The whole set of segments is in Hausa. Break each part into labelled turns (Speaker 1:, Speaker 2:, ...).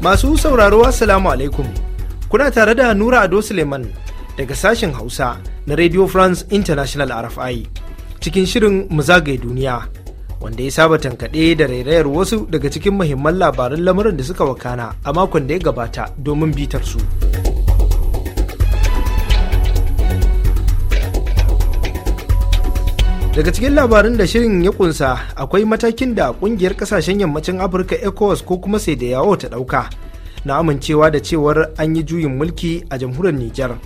Speaker 1: Masu sauraro Assalamu alaikum. Kuna tare da Nura Ado Suleiman daga sashen Hausa na Radio France International RFI cikin shirin zagaye duniya wanda ya saba tankaɗe da rairayar wasu daga cikin muhimman labaran lamurin da suka wakana a makon da ya gabata domin bitar su. daga cikin labarin da shirin ya kunsa akwai matakin da kungiyar kasashen yammacin afirka ecowas ko kuma sai da yawo ta dauka na amincewa da cewar an yi juyin mulki a jamhuriyar nijar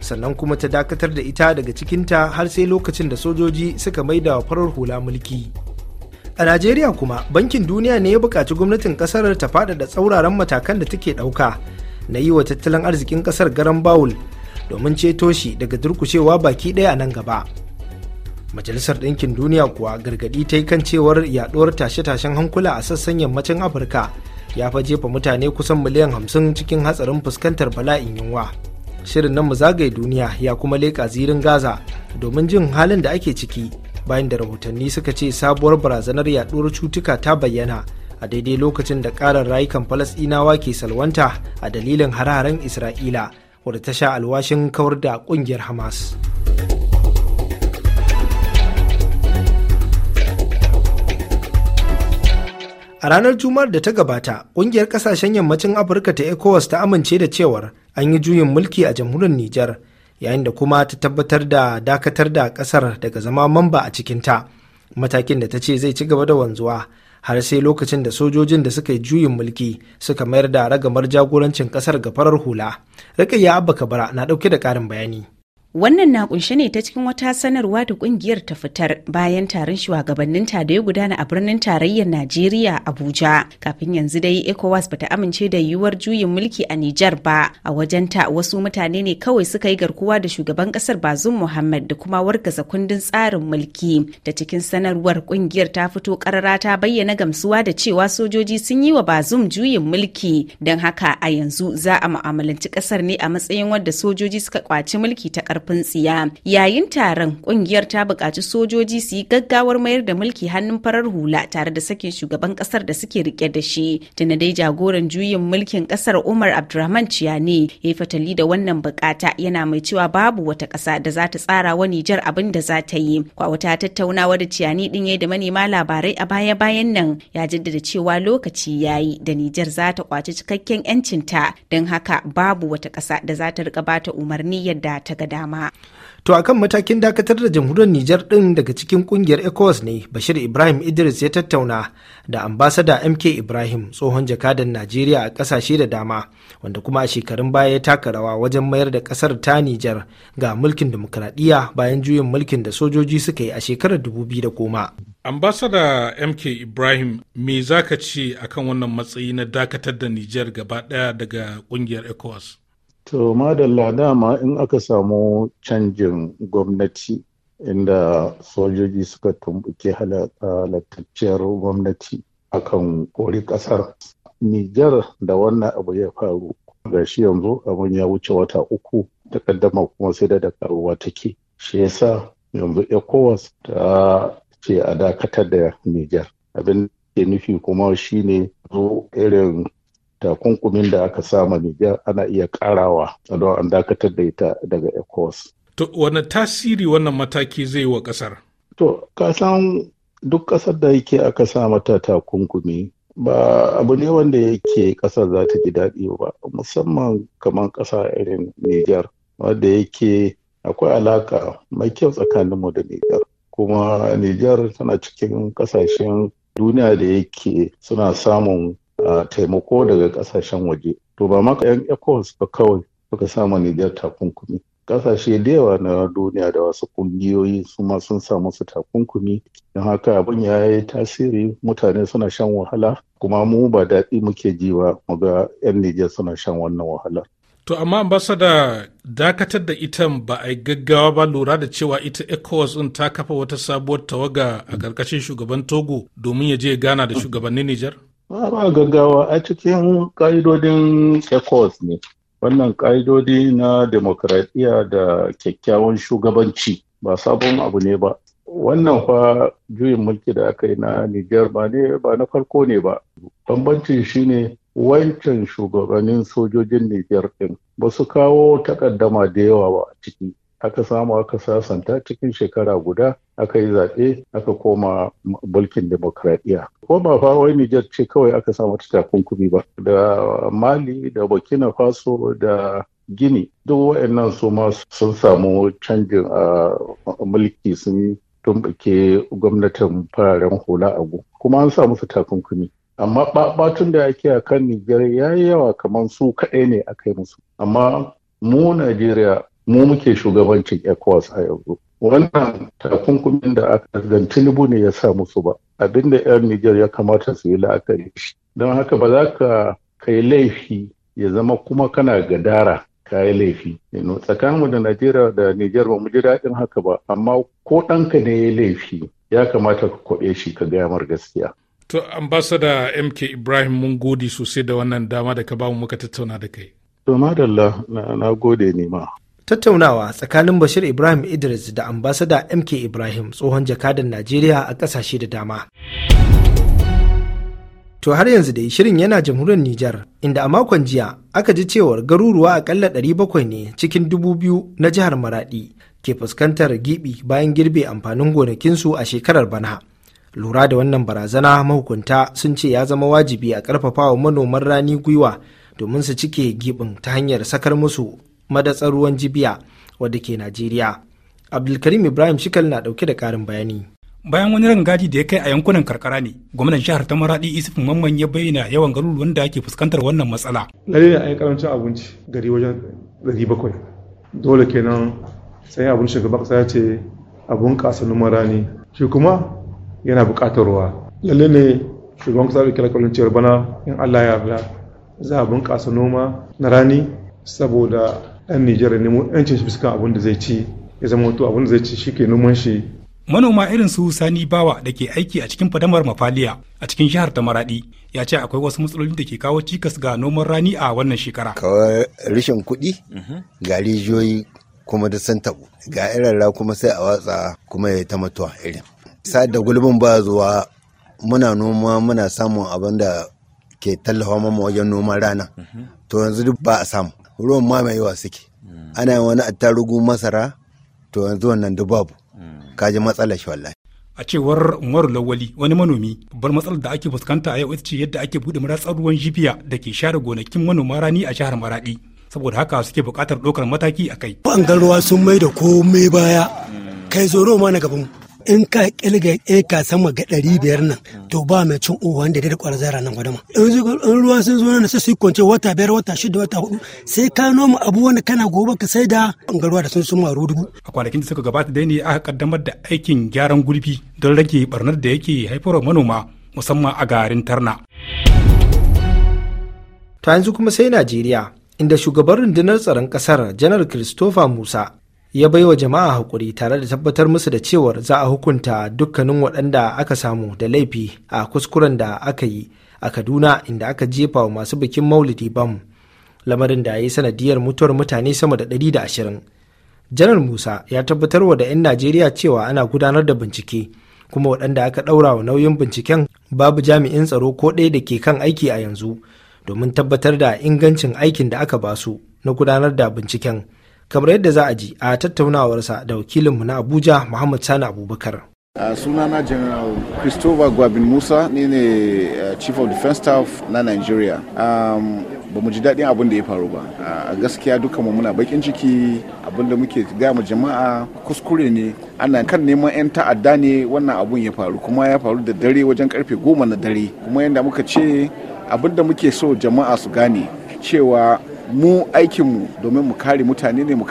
Speaker 1: sannan kuma ta dakatar da ita daga cikinta har sai lokacin da sojoji suka da farar hula mulki a najeriya kuma bankin duniya ne ya buƙaci gwamnatin ƙasar ta faɗaɗa tsauraran matakan da take ɗauka na yi wa tattalin arzikin ƙasar garan bawul domin ceto shi daga durkushewa baki ɗaya a nan gaba majalisar ɗinkin duniya kuwa gargaɗi ta yi kan cewar yaɗuwar tashe-tashen hankula a sassan yammacin afirka ya fa jefa mutane kusan miliyan hamsin cikin hatsarin fuskantar bala'in yunwa shirin nan mu zagaye duniya ya kuma leƙa zirin gaza domin jin halin da ake ciki bayan da rahotanni suka ce sabuwar barazanar yaɗuwar cutuka ta bayyana a daidai lokacin da ƙarar rayukan falasɗinawa ke salwanta a dalilin hare-haren isra'ila wadda ta sha alwashin kawar da ƙungiyar hamas. A ranar Juma'ar da ta gabata, ƙungiyar ƙasashen yammacin Afirka ta ECOWAS ta amince da cewar an yi juyin mulki a jamhuriyar Nijar, yayin da kuma ta tabbatar da dakatar da ƙasar daga zama mamba a cikinta. Matakin da ta ce zai ci gaba da wanzuwa har sai lokacin da sojojin da suka yi juyin mulki suka mayar da ragamar jagorancin ƙasar ga farar hula. Rakayya Abba Kabara na ɗauke da ƙarin bayani.
Speaker 2: Wannan na kunshe ne ta cikin wata sanarwa da kungiyar ta fitar bayan taron shugabannin ta da ya gudana a birnin tarayyar Najeriya Abuja. Kafin yanzu dai ECOWAS bata amince da yiwuwar juyin mulki a Nijar ba. A wajen ta wasu mutane ne kawai suka yi garkuwa da shugaban kasar Bazum Muhammad da kuma wargaza kundin tsarin mulki. Da cikin sanarwar kungiyar ta fito karara ta bayyana gamsuwa da cewa sojoji sun yi wa Bazum juyin mulki. Don haka a yanzu za a mu'amalanci kasar ne a matsayin wadda sojoji suka kwaci mulki ta karfi. ƙarfin tsiya yayin taron ƙungiyar ta buƙaci sojoji su yi gaggawar mayar da mulki hannun farar hula tare da sakin shugaban ƙasar da suke riƙe da shi tuna dai jagoran juyin mulkin ƙasar umar abdurrahman ciyani ya yi fatali da wannan bukata yana mai cewa babu wata ƙasa da za ta tsara wa nijar abin da za ta yi kwa wata tattaunawa da ciyani din ya da manema labarai a baya bayan nan ya jaddada cewa lokaci ya yi da nijar za ta kwaci cikakken yancinta don haka babu wata ƙasa da za ta riƙa ba ta umarni yadda ta ga dama dama.
Speaker 1: To akan matakin dakatar da jamhuriyar Nijar ɗin daga cikin ƙungiyar ECOWAS ne Bashir Ibrahim Idris ya tattauna da ambasada MK Ibrahim tsohon jakadan Najeriya a ƙasashe da dama wanda kuma a shekarun baya ya taka rawa wajen mayar da ƙasar ta Nijar ga mulkin demokuraɗiyya bayan juyin mulkin da sojoji suka yi a shekarar 2010.
Speaker 3: Ambasada MK Ibrahim me za ka ce akan wannan matsayi na dakatar da Nijar gaba ɗaya daga ƙungiyar ECOWAS?
Speaker 4: To madalla dama in aka samu canjin gwamnati inda sojoji suka tumbuke halattacciyar gwamnati akan kori kasar. Nijar da wannan abu ya faru ga shi yanzu abin ya wuce wata uku da kaddama kuma sai da dakaruwa take. Shi yasa yanzu ECOWAS ta ce a dakatar da Nijar. Abin ke nufi kuma shine zo irin takunkumin da aka sama Nijar ana iya karawa don an dakatar da ita daga ECOWAS.
Speaker 3: To, wane tasiri wannan mataki zai wa ƙasar?
Speaker 4: To, ka san duk ƙasar da yake aka sa mata takunkumi ba abu ne wanda yake ƙasa za ta ji daɗi ba, musamman kamar ƙasa irin Nijar, wanda yake akwai alaka mai kyau tsakaninmu da Nijar. Kuma Nijar tana cikin ƙasashen duniya da yake suna samun taimako daga kasashen waje to ba maka yan ecowas ba kawai suka samu nijar takunkumi kasashe da yawa na duniya da wasu kungiyoyi su ma sun samu su takunkumi don haka abin ya yi tasiri mutane suna shan wahala kuma mu ba daɗi muke ji ba mu ga 'yan Nijar suna shan wannan wahala.
Speaker 3: To amma ambasada dakatar da ita ba a gaggawa ba lura da cewa ita ECOWAS din ta kafa wata sabuwar tawaga a ƙarƙashin shugaban Togo domin ya je gana da shugabannin Nijar? ba
Speaker 4: gaggawa a cikin ƙa'idodin ecos ne wannan ƙa'idodi na demokradiyya da kyakkyawan shugabanci ba sabon abu ne ba wannan fa juyin mulki da aka yi na niger ba ne ba na farko ne ba bambancin shine wancan shugabannin sojojin Nijar ɗin. ba su kawo takaddama da yawa ba a ciki aka samu aka sasanta cikin shekara guda aka yi zaɓe aka koma mulkin demokradiyya ko ba fa wai Nijar ce kawai aka samu ta takunkumi ba da Mali da Burkina Faso da Gini duk waɗannan su ma sun samu canjin a mulki sun tumɓuke gwamnatin fararen hula agu kuma an samu su takunkumi amma batun da ake a kan Nijar ya yi yawa kamar su kaɗai ne aka yi musu amma mu Najeriya mu muke shugabancin ecowas a yanzu wannan takunkumin da aka zan tinubu ne ya sa musu ba abin da yan niger ya kamata su yi la'akari shi don haka ba za ka kai laifi ya zama kuma kana gadara yi laifi tsakaninmu da najeriya da niger ba mu ji daɗin haka ba amma ko ɗanka ne ya laifi ya kamata ka kwaɓe shi ka gaya mar gaskiya
Speaker 3: To ambasada MK Ibrahim
Speaker 1: mun gode sosai da wannan dama da ka bamu muka tattauna da kai.
Speaker 4: To madalla na gode ne
Speaker 1: ma. tattaunawa tsakanin bashir ibrahim idris da ambasada mk ibrahim tsohon jakadan najeriya a ƙasashe da dama to har yanzu dai shirin yana jamhuriyar nijar inda a makon jiya aka ji cewar garuruwa akalla 700 ne cikin 2000 na jihar maradi ke fuskantar gibi bayan girbe amfanin gonakinsu a shekarar bana lura da wannan barazana mahukunta sun ce ya zama wajibi a ƙarfafa wa manoman rani gwiwa domin su cike gibin ta hanyar sakar musu madatsar ruwan jibiya wadda ke najeriya abdulkarim ibrahim shikal na dauke da karin bayani
Speaker 3: bayan wani rangadi da ya kai a yankunan karkara ne gwamnan jihar ta maradi isuf mamman ya bayyana yawan garuruwan da ake fuskantar wannan matsala lalle ne yi karancin abinci gari wajen 700 dole kenan sai abin shugaba kasa ya ce abun kasa noman rani shi kuma yana buƙatar ruwa lalle ne shugaban kasa da kira kwallon bana in allah ya yarda za a bunƙasa noma na rani saboda ɗan Nijar nemo ‘yancin shi bisa abin da zai ci ya zama wato abin da zai ci shi ke noman shi. Manoma irin su Sani Bawa da ke aiki a cikin fadamar Mafaliya a cikin jihar ta Maraɗi ya ce akwai wasu matsaloli da ke kawo cikas ga noman rani a wannan shekara.
Speaker 4: Kawai rashin kuɗi mhm. ga
Speaker 5: rijiyoyi kuma da san taɓo ga irin kuma sai a watsa kuma ya ta mutuwa irin. Sa da gulbin ba zuwa muna noma muna samun abin da ke tallafa mama wajen noman rana. Mhm. To yanzu duk ba a samu. ruwan mamayewa suke ana yin wani attarugu masara to yanzu wannan duk babu kaji matsalar shi wallahi
Speaker 3: a cewar umaru lawali wani manomi babbar matsalar da ake fuskanta a yau ita ce yadda ake buɗe maratsar ruwan jibiya da ke share gonakin manoma rani a jihar maraɗi saboda haka suke buƙatar ɗaukar mataki a kai.
Speaker 5: ruwa sun mai da komai baya kai zoro ma na gaban in ka kilga eka sama ga ɗari biyar nan to ba mai cin uwa wanda da kwara zara nan gwadama
Speaker 1: in
Speaker 3: ruwa sun zo nan sai su kwance wata biyar wata shida wata hudu sai ka noma abu wanda kana gobe ka sai da garuwa da sun suma dubu. a kwanakin da suka gabata dai ne aka kaddamar da aikin gyaran gurbi don rage barnar da yake haifarwa manoma musamman a garin tarna.
Speaker 1: ta yanzu kuma sai najeriya inda shugaban rundunar tsaron kasar janar christopher musa ya bai wa jama'a hakuri tare da tabbatar musu da cewar za a hukunta dukkanin waɗanda aka samu da laifi a kuskuren da aka yi a kaduna inda aka jefa wa masu bikin maulidi bam lamarin da ya yi sanadiyar mutuwar mutane sama da da ashirin. janar musa ya tabbatar wa da 'yan najeriya cewa ana gudanar da bincike kuma waɗanda aka ɗaura wa nauyin binciken babu jami'in tsaro ko ɗaya da ke kan aiki a yanzu domin tabbatar da ingancin aikin da aka basu na gudanar da binciken. kamar yadda za a ji a tattaunawarsa da wakilinmu na abuja muhammad sani abubakar
Speaker 6: Uh, sunana general christopher gwabin musa ni ne uh, chief of defense staff na nigeria um, ba mu ji daɗin abin da ya faru ba a gaskiya dukkanmu muna bakin ciki abin da muke gama jama'a kuskure ne ana kan neman 'yan ta'adda ne wannan abun ya faru kuma ya faru da dare wajen karfe goma na dare kuma yadda muka ce abin da muke so jama'a su gane cewa mu aikinmu domin mu kare mutane ne mu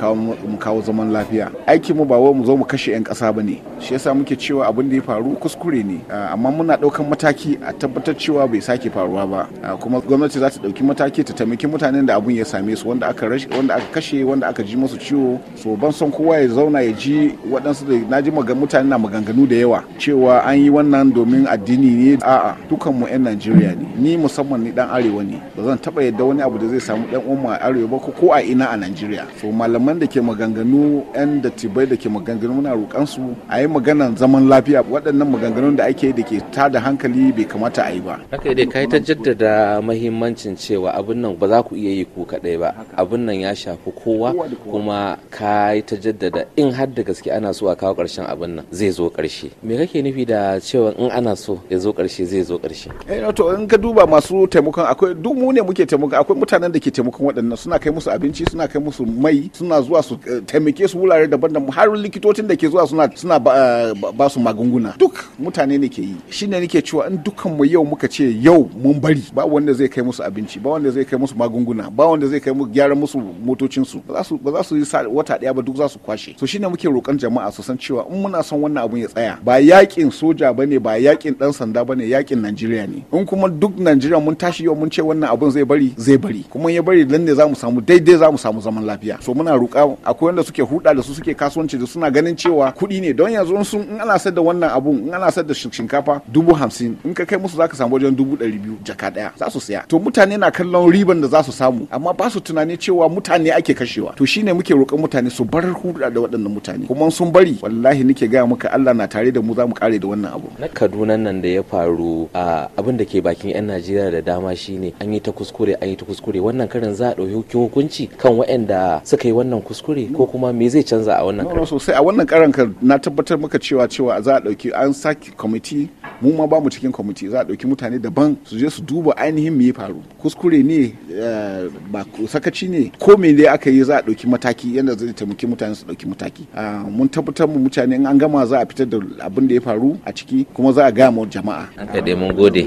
Speaker 6: kawo zaman lafiya aikinmu ba wai mu zo mu kashe 'yan kasa ba ne shi yasa muke cewa abin da ya faru kuskure ne amma muna daukan mataki a tabbatar cewa bai sake faruwa ba kuma gwamnati za ta ɗauki mataki ta taimaki mutanen da abun ya same su wanda aka wanda aka kashe wanda aka ji musu ciwo so ban son kowa ya zauna ya ji waɗansu da na ji mutane na maganganu da yawa cewa an yi wannan domin addini ne a'a dukanmu 'yan Najeriya ne ni musamman ni dan arewa ne ba zan taɓa yadda wani abu da zai samu dan uwan a arewa ko ko a ina a Najeriya so malaman da ke maganganu yan tibai da ke maganganu muna roƙan su a yi maganan zaman lafiya waɗannan maganganun da ake da ke tada hankali bai kamata a yi ba
Speaker 7: haka dai kai ta jaddada mahimmancin cewa abin nan ba za ku iya yi ku kaɗai ba abin nan ya shafi kowa kuma kai ta jaddada in har da gaske ana so a kawo ƙarshen abin nan zai zo ƙarshe me kake nufi da cewa in ana so ya zo ƙarshe zai zo ƙarshe
Speaker 6: eh to in ka duba masu taimakon akwai duk mu ne muke taimakon akwai mutanen da ke taimakon waɗannan nan suna kai musu abinci suna kai musu mai suna zuwa su eh, taimake su wurare daban-daban har likitocin da ke zuwa suna suna eh, ba su magunguna duk mutane ne ke yi shine nake cewa in dukkan mu yau muka ce yau mun bari ba wanda zai kai musu abinci ba wanda zai kai musu magunguna ba wanda zai kai musu gyaran musu motocin su ba za su yi wata daya ba duk za su kwashe so shine muke roƙon jama'a su san cewa in muna son wannan abun ya tsaya ba yakin soja bane ba yakin dan sanda bane yakin Najeriya ne in kuma duk Najeriya mun tashi yau mun ce wannan abun zai bari zai bari kuma ya bari dan ne za mu samu daidai za mu samu zaman lafiya so muna roƙa akwai wanda suke huda da su suke kasuwanci da suna ganin cewa kuɗi ne don yanzu sun in ana sayar da wannan abun in ana sayar da shinkafa dubu hamsin in ka kai musu za ka samu wajen dubu ɗari biyu jaka ɗaya za su saya to mutane na kallon riban da za su samu amma ba su tunani cewa mutane ake kashewa to shine muke roƙan mutane su bar huda da waɗannan mutane kuma sun bari wallahi nake gaya maka Allah na tare da mu za mu
Speaker 7: kare da wannan abu na Kaduna nan da ya faru abin da ke bakin 'yan Najeriya da dama shine an yi ta kuskure an yi ta kuskure wannan karin za ɗauki hukunci kan waɗanda suka yi wannan kuskure ko kuma me zai canza a wannan karan sosai
Speaker 6: a wannan karan ka na tabbatar maka cewa cewa za a ɗauki an saki kwamiti mu ma ba mu cikin kwamiti za a ɗauki mutane daban su je su duba ainihin me ya faru kuskure ne eh, ba sakaci ne ko me ne aka yi za a ɗauki mataki yadda zai taimaki mutane su ɗauki mataki ah, mun tabbatar mu mutane in an gama za a fitar da abin da ya faru a ciki kuma za a gaya jama'a.
Speaker 7: An mun gode.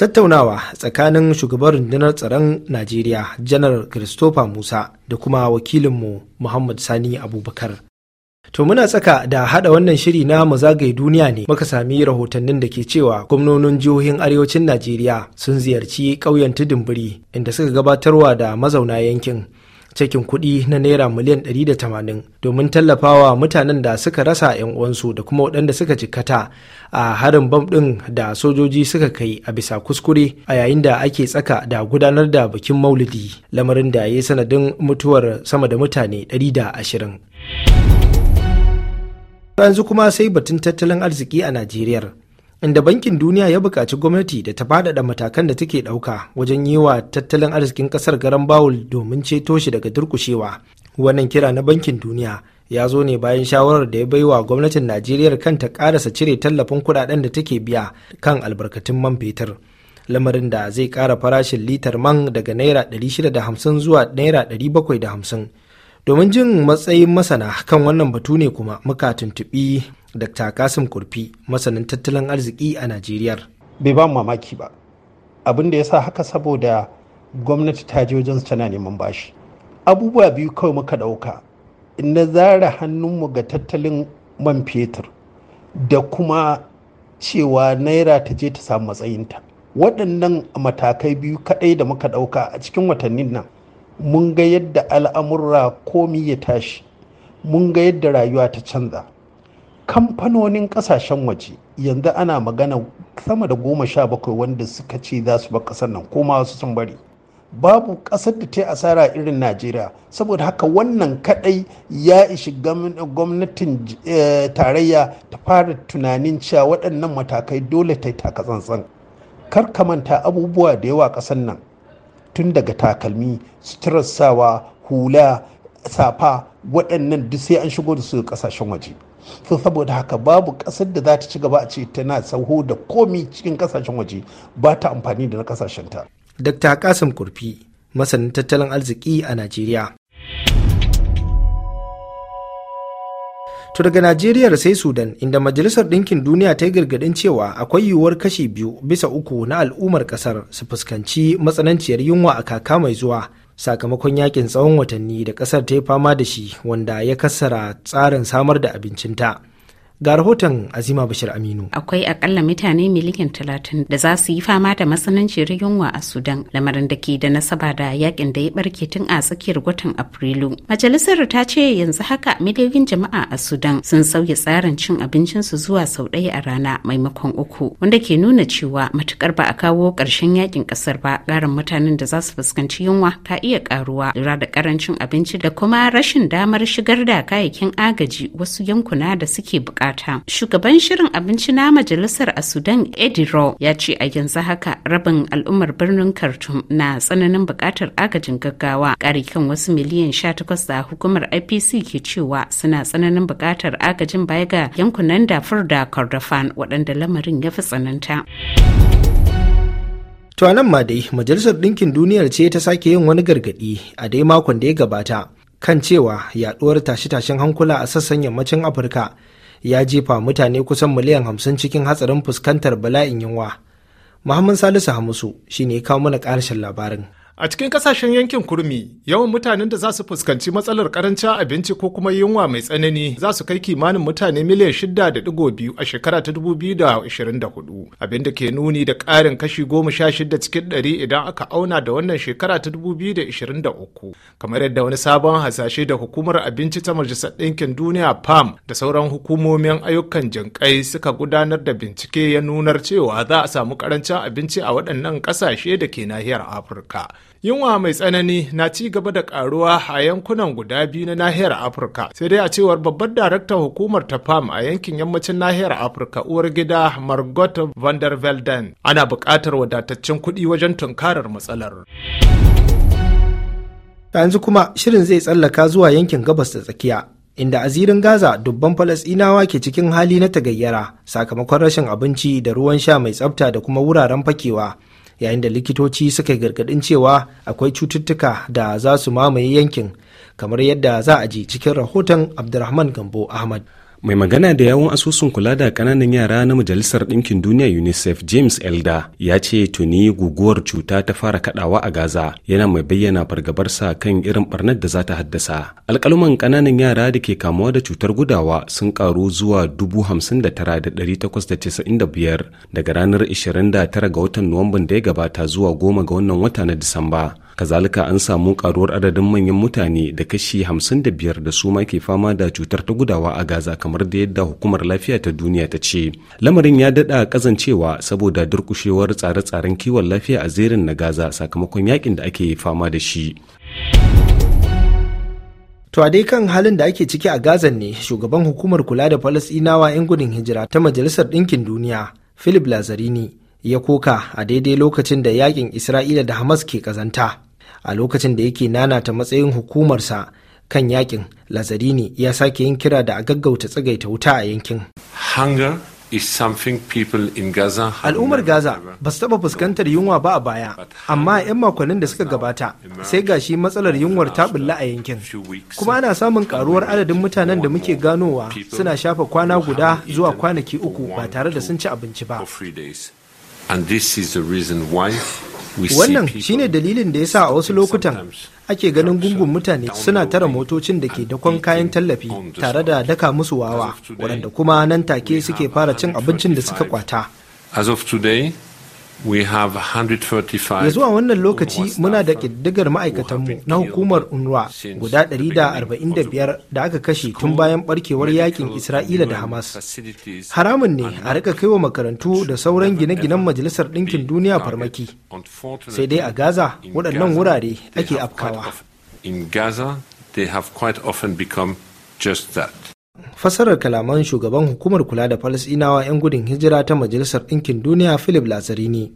Speaker 1: tattaunawa tsakanin shugaban rundunar tsaron najeriya janar christopher musa da kuma wakilinmu muhammad sani abubakar to muna tsaka da hada wannan shiri na mazagai duniya ne muka sami rahotannin da ke cewa gwamnonin jihohin arewacin najeriya sun ziyarci ƙauyen tudunburi inda suka gabatarwa da mazauna yankin cikin kuɗi na naira miliyan 180 domin tallafawa mutanen da suka rasa 'yan uwansu da kuma waɗanda suka jikkata a harin bam ɗin da sojoji suka kai a bisa kuskure a yayin da ake tsaka da gudanar da bikin maulidi lamarin da ya yi sanadin mutuwar sama da mutane 120. yanzu kuma sai batun tattalin arziki a Najeriya. inda bankin duniya ya buƙaci gwamnati da ta faɗaɗa matakan da take ɗauka wajen yi wa tattalin arzikin ƙasar garan bawul domin ceto shi daga durkushewa wannan kira na bankin duniya ya zo ne bayan shawarar da ya baiwa gwamnatin najeriya kanta ƙarasa cire tallafin kuɗaɗen da take biya kan albarkatun man fetur lamarin da zai ƙara farashin litar man daga naira 650 zuwa naira 750 domin jin matsayin masana kan wannan batu ne kuma muka tuntuɓi dr kasim kurfi masanin tattalin arziki a najeriya bai ba mamaki ba
Speaker 5: abin da ya sa haka saboda gwamnati ta ji wajen tana neman bashi abubuwa biyu kawai muka ɗauka na zara hannunmu ga tattalin man fetur da kuma cewa naira ta je ta samu matsayinta waɗannan matakai biyu kaɗai da muka ɗauka a cikin watannin nan mun ga yadda al'amurra komi ya tashi mun ga yadda rayuwa ta canza kamfanonin kasashen waje yanzu ana magana sama da goma sha bakwai wanda suka ce za su bar ƙasar nan ko masu sun bari babu kasar da ta yi asara irin najeriya saboda haka wannan kadai ya ishi gwamnatin eh, tarayya ta fara tunanin cewa waɗannan matakai dole ta yi takatsantsan kar ka manta abubuwa da yawa ƙasar nan tun daga takalmi suturar sawa hula safa waɗannan duk sai an shigo da su ƙasashen waje so saboda haka babu ƙasar da za ta ci gaba a ce tana sauho da komi cikin ƙasashen waje ba ta amfani da na
Speaker 1: ƙasashen ta. Dr. Kasim Kurfi, masanin tattalin arziki a Najeriya. To daga Najeriya sai Sudan inda Majalisar Ɗinkin Duniya ta yi gargaɗin cewa akwai yiwuwar kashi biyu bisa uku na al'ummar ƙasar su fuskanci matsananciyar yunwa a kaka mai zuwa sakamakon yakin tsawon watanni da ƙasar ta yi fama da shi wanda ya kassara tsarin samar da abincinta. Ga rahoton Azima Bashir Aminu.
Speaker 2: Akwai akalla mutane miliyan talatin da za su yi fama da matsananciyar yunwa a Sudan, lamarin da ke da nasaba da yakin da ya barke tun a tsakiyar watan Afrilu. Majalisar ta ce yanzu haka miliyoyin jama'a a Sudan sun sauya tsarin cin abincin su zuwa sau ɗaya a rana maimakon uku, wanda ke nuna cewa matukar ba a kawo ƙarshen yakin ƙasar ba, ƙarin mutanen da za su fuskanci yunwa ka iya ƙaruwa lura da ƙarancin abinci da kuma rashin damar shigar da kayayyakin agaji wasu yankuna da suke buƙata. gabata. Shugaban shirin abinci na majalisar a Sudan Ediro ya ce a yanzu haka rabin al'ummar birnin Khartoum na tsananin buƙatar agajin gaggawa ƙari kan wasu miliyan 18 da hukumar IPC ke cewa suna tsananin buƙatar agajin baya ga yankunan dafur da Kordofan waɗanda lamarin ya fi tsananta.
Speaker 1: To nan ma dai Majalisar Ɗinkin Duniyar ce ta sake yin wani gargaɗi a dai makon da ya gabata kan cewa yaɗuwar tashe-tashen hankula a sassan yammacin Afirka ya jefa mutane kusan miliyan hamsin cikin hatsarin fuskantar bala'in yunwa muhammad salisu hamusu shi ne kawo mana ƙarshen labarin
Speaker 5: A cikin kasashen yankin kurmi, yawan mutanen da za su fuskanci matsalar karancin abinci ko kuma yunwa mai tsanani za su kai kimanin mutane miliyan shida a shekara ta dubu abin da ke nuni da ƙarin kashi goma sha cikin ɗari idan aka auna da wannan shekara ta dubu Kamar yadda wani sabon hasashe da hukumar abinci ta Majalisar Ɗinkin Duniya PAM da sauran hukumomin ayyukan jinƙai suka gudanar da bincike ya nunar cewa za a samu karancin abinci a waɗannan ƙasashe da ke nahiyar Afirka. Yunwa mai tsanani na ci gaba da karuwa a yankunan guda biyu na nahiyar Afirka. Sai dai a cewar babbar daraktan hukumar ta FAM a yankin yammacin nahiyar Afirka uwar gida Margot van der Velden ana bukatar wadataccen kuɗi wajen tunkarar matsalar.
Speaker 1: yanzu kuma shirin zai tsallaka zuwa yankin gabas da tsakiya inda azirin gaza dubban falasɗinawa ke cikin hali na tagayyara sakamakon rashin abinci da ruwan sha mai tsabta da kuma wuraren fakewa yayin da likitoci suka gargadin cewa akwai cututtuka da za su mamaye yankin kamar yadda za a ji cikin rahoton abdulrahman gambo ahmad
Speaker 3: mai magana da yawon asusun kula da kananan yara na majalisar ɗinkin duniya unicef james elda ya ce tuni guguwar cuta ta fara kadawa a gaza yana mai bayyana fargabarsa kan irin barnar da za ta haddasa alkaluman kananan yara da ke kamuwa da cutar gudawa sun karu zuwa 59,895 daga ranar 29 ga watan nuwamban da ya gabata zuwa 10 ga wannan wata na disamba kazalika an samu karuwar adadin manyan mutane da kashi 55 da su ma ke fama da cutar ta gudawa a gaza kamar da yadda hukumar lafiya ta duniya ta ce lamarin ya dada kazancewa saboda durkushewar tsare-tsaren kiwon lafiya a zerin na gaza sakamakon yakin da ake fama da shi
Speaker 1: To a dai kan halin da ake ciki a Gaza ne shugaban hukumar kula da Falasɗinawa 'yan gudun hijira ta Majalisar Ɗinkin Duniya, Philip Lazarini, ya koka a daidai lokacin da yakin Isra'ila da Hamas ke kazanta. a lokacin da yake nanata matsayin hukumarsa kan yakin lazarini ya sake yin kira da a gaggauta tsagaita wuta a yankin Al'ummar Gaza ba su taɓa fuskantar yunwa ba a baya, amma 'yan makonnin da suka gabata sai gashi matsalar yunwar ta bulla a yankin. Kuma ana samun karuwar adadin mutanen da muke ganowa suna shafa kwana guda zuwa kwanaki uku ba tare da sun ci abinci ba. wannan shi ne dalilin da ya sa a wasu lokutan ake ganin gungun mutane suna tara motocin da ke dakon kayan tallafi tare da daka musu wawa, waɗanda kuma nan take suke fara cin abincin da suka kwata.
Speaker 5: As of today, We have 135
Speaker 1: ya zuwa wannan lokaci muna da ƙiddigar ma'aikatanmu na hukumar UNRWA guda 145 da aka kashe tun bayan barkewar yakin Isra'ila da Hamas. Haramun ne a rika kaiwa makarantu da sauran gine-ginen Majalisar Ɗinkin Duniya farmaki. Sai dai a Gaza waɗannan wurare ake afkawa.
Speaker 5: In Gaza, they have quite often become just that.
Speaker 1: fasarar kalaman shugaban hukumar kula da falasinawa 'yan gudun hijira ta majalisar ɗinkin duniya philip lazarini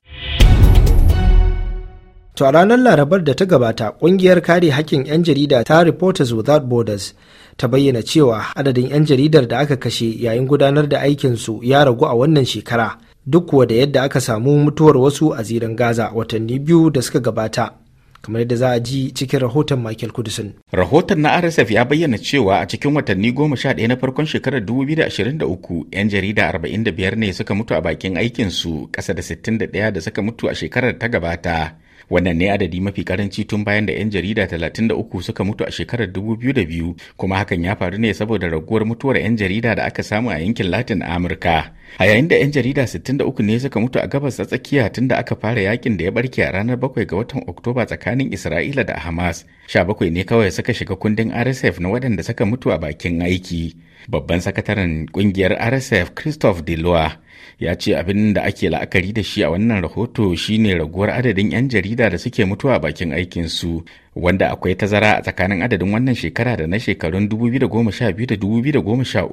Speaker 1: to a ranar larabar da ta gabata ƙungiyar kare hakkin 'yan jarida ta reporters without borders ta bayyana cewa adadin 'yan jaridar da aka kashe yayin gudanar da aikinsu ya ragu a wannan shekara duk kuwa da yadda aka samu mutuwar wasu a zirin gaza watanni biyu da suka gabata kamar yadda za a ji cikin rahoton Michael Kudusin. Rahoton na
Speaker 7: RSF ya bayyana cewa a cikin watanni goma sha ɗaya na farkon shekarar 2023 'yan jarida 45 ne suka mutu a bakin aikinsu ƙasa da 61 da suka mutu a shekarar ta gabata. Wannan ne adadi mafi karanci tun bayan da 'yan jarida 33 suka mutu a shekarar 2002 kuma hakan ya faru ne saboda raguwar mutuwar 'yan jarida da aka samu a yankin Latin Amurka. A yayin da 'yan jarida 63 ne suka mutu a gabas ta tsakiya tun da aka fara yakin da ya barke a ranar 7 ga watan Oktoba tsakanin Isra'ila da Hamas. 17 ne kawai suka shiga kundin RSF na waɗanda suka mutu a bakin aiki. babban sakataren kungiyar rsf christophe deloa ya ce abin da ake la'akari da shi a wannan rahoto shine raguwar adadin 'yan jarida da suke mutuwa bakin aikinsu wanda akwai tazara a tsakanin adadin wannan shekara da na shekarun 2012 2013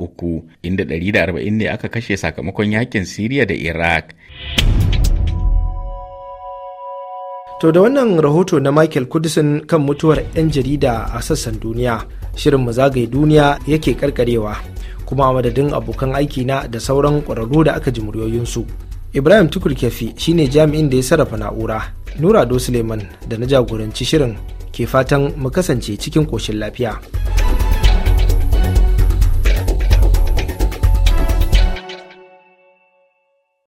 Speaker 7: inda 140 ne aka kashe sakamakon yakin syria da iraq
Speaker 1: To da wannan rahoto na Michael Kudisin kan mutuwar 'yan jarida a sassan duniya. shirin mu zagaye duniya yake karkarewa kuma a madadin abokan aiki na da sauran ƙwararru da aka ji muryoyinsu ibrahim tukurkefi shine jami'in da ya sarrafa na'ura nura do suleiman da na jagoranci shirin ke fatan mu kasance cikin ƙoshin lafiya.